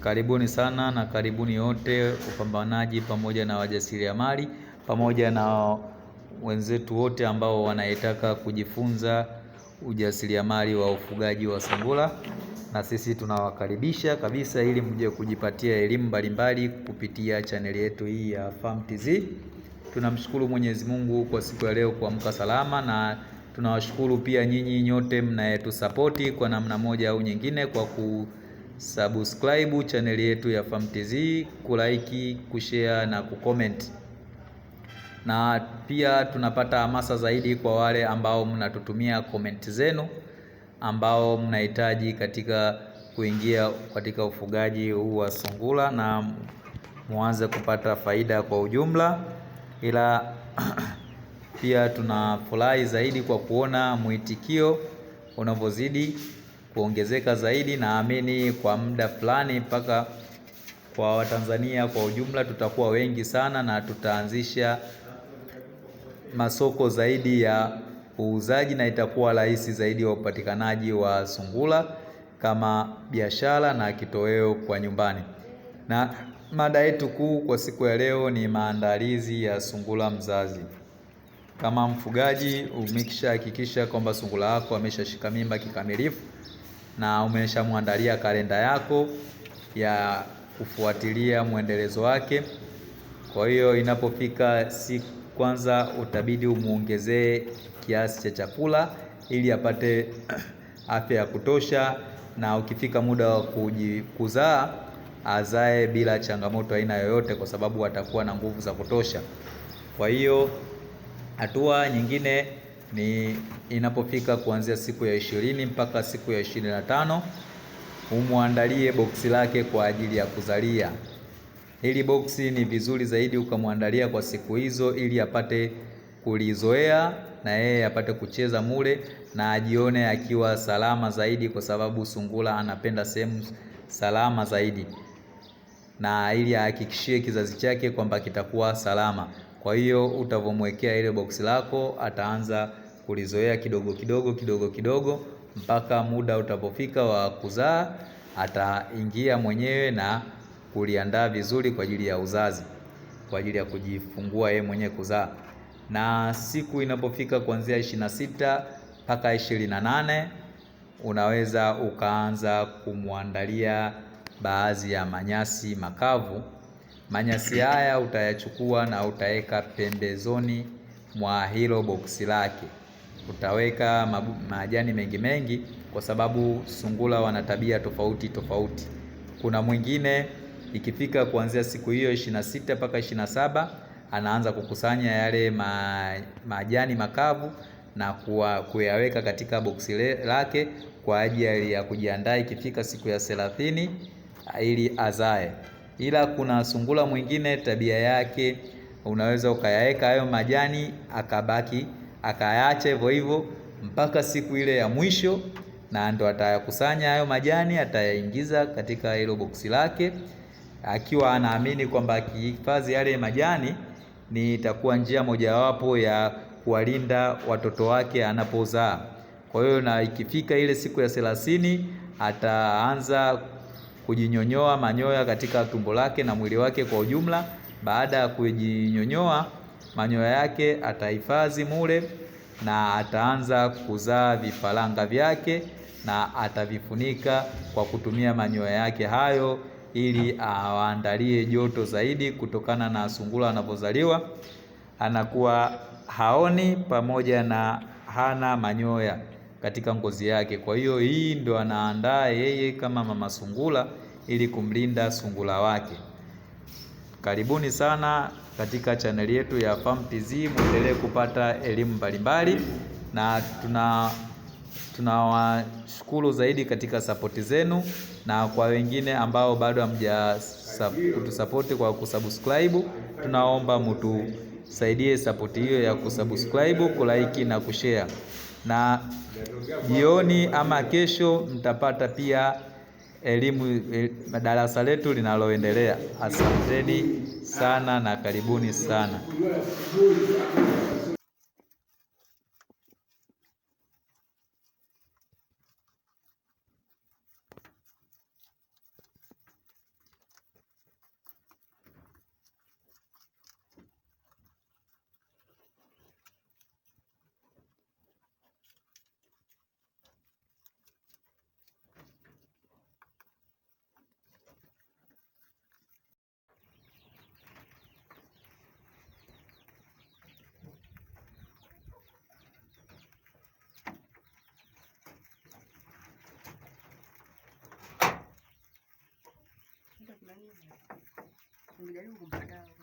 Karibuni sana na karibuni wote wapambanaji pamoja na wajasiriamali pamoja na wenzetu wote ambao wanayetaka kujifunza ujasiriamali wa ufugaji wa sungura, na sisi tunawakaribisha kabisa ili mje kujipatia elimu mbalimbali kupitia chaneli yetu hii ya Farm TZ. Tunamshukuru Mwenyezi Mungu kwa siku ya leo kuamka salama, na tunawashukuru pia nyinyi nyote mnayetusapoti kwa namna moja au nyingine kwa ku subscribe chaneli yetu ya FAMTZ, kulaiki kushare na kucomment, na pia tunapata hamasa zaidi kwa wale ambao mnatutumia comment zenu ambao mnahitaji katika kuingia katika ufugaji huu wa sungura na muanze kupata faida kwa ujumla, ila pia tunafurahi zaidi kwa kuona mwitikio unavyozidi kuongezeka zaidi, naamini kwa muda fulani mpaka kwa Watanzania kwa ujumla tutakuwa wengi sana, na tutaanzisha masoko zaidi ya uuzaji na itakuwa rahisi zaidi ya upatikanaji wa sungura kama biashara na kitoweo kwa nyumbani. Na mada yetu kuu kwa siku ya leo ni maandalizi ya sungura mzazi. Kama mfugaji umekisha hakikisha kwamba sungura yako ameshashika mimba kikamilifu na umeshamwandalia kalenda yako ya kufuatilia mwendelezo wake. Kwa hiyo inapofika siku kwanza, utabidi umuongezee kiasi cha chakula ili apate afya ya kutosha, na ukifika muda wa kuzaa azae bila changamoto aina yoyote, kwa sababu atakuwa na nguvu za kutosha. Kwa hiyo hatua nyingine ni inapofika kuanzia siku ya ishirini mpaka siku ya ishirini na tano umwandalie boksi lake kwa ajili ya kuzalia. Hili boksi ni vizuri zaidi ukamwandalia kwa siku hizo, ili apate kulizoea na yeye apate kucheza mule na ajione akiwa salama zaidi, kwa sababu sungura anapenda sehemu salama zaidi, na ili ahakikishie kizazi chake kwamba kitakuwa salama. Kwa hiyo utavomwekea ile boksi lako ataanza kulizoea kidogo kidogo kidogo kidogo mpaka muda utapofika wa kuzaa ataingia mwenyewe na kuliandaa vizuri kwa ajili ya uzazi, kwa ajili ya kujifungua yeye mwenyewe kuzaa. Na siku inapofika kuanzia ishirini na sita mpaka ishirini na nane unaweza ukaanza kumwandalia baadhi ya manyasi makavu Manyasi haya utayachukua na utaweka pembezoni mwa hilo boksi lake. Utaweka majani mengi mengi, kwa sababu sungura wana tabia tofauti tofauti. Kuna mwingine ikifika kuanzia siku hiyo ishirini na sita mpaka ishirini na saba anaanza kukusanya yale ma, majani makavu na kuwa, kuyaweka katika boksi lake kwa ajili ya kujiandaa ikifika siku ya thelathini ili azae ila kuna sungura mwingine tabia yake unaweza ukayaweka hayo majani akabaki akayaacha hivyo hivyo mpaka siku ile ya mwisho, na ndo atayakusanya hayo majani, atayaingiza katika hilo boksi lake, akiwa anaamini kwamba akihifadhi yale majani ni itakuwa njia mojawapo ya kuwalinda watoto wake anapozaa. Kwa hiyo na ikifika ile siku ya thelathini ataanza kujinyonyoa manyoya katika tumbo lake na mwili wake kwa ujumla. Baada ya kujinyonyoa manyoya yake atahifadhi mule na ataanza kuzaa vifaranga vyake na atavifunika kwa kutumia manyoya yake hayo ili awaandalie joto zaidi kutokana na sungura anapozaliwa anakuwa haoni pamoja na hana manyoya katika ngozi yake. Kwa hiyo hii ndo anaandaa yeye kama mama sungura ili kumlinda sungura wake. Karibuni sana katika chaneli yetu ya Farm TZ, muendelee kupata elimu mbalimbali, na tuna tunawashukuru zaidi katika sapoti zenu, na kwa wengine ambao bado hamja kutusapoti kwa kusubscribe, tunaomba mtusaidie sapoti hiyo ya kusubscribe, kulaiki na kushare na jioni ama kesho mtapata pia elimu e, darasa letu linaloendelea. Asanteni sana na karibuni sana. 我们也不知道。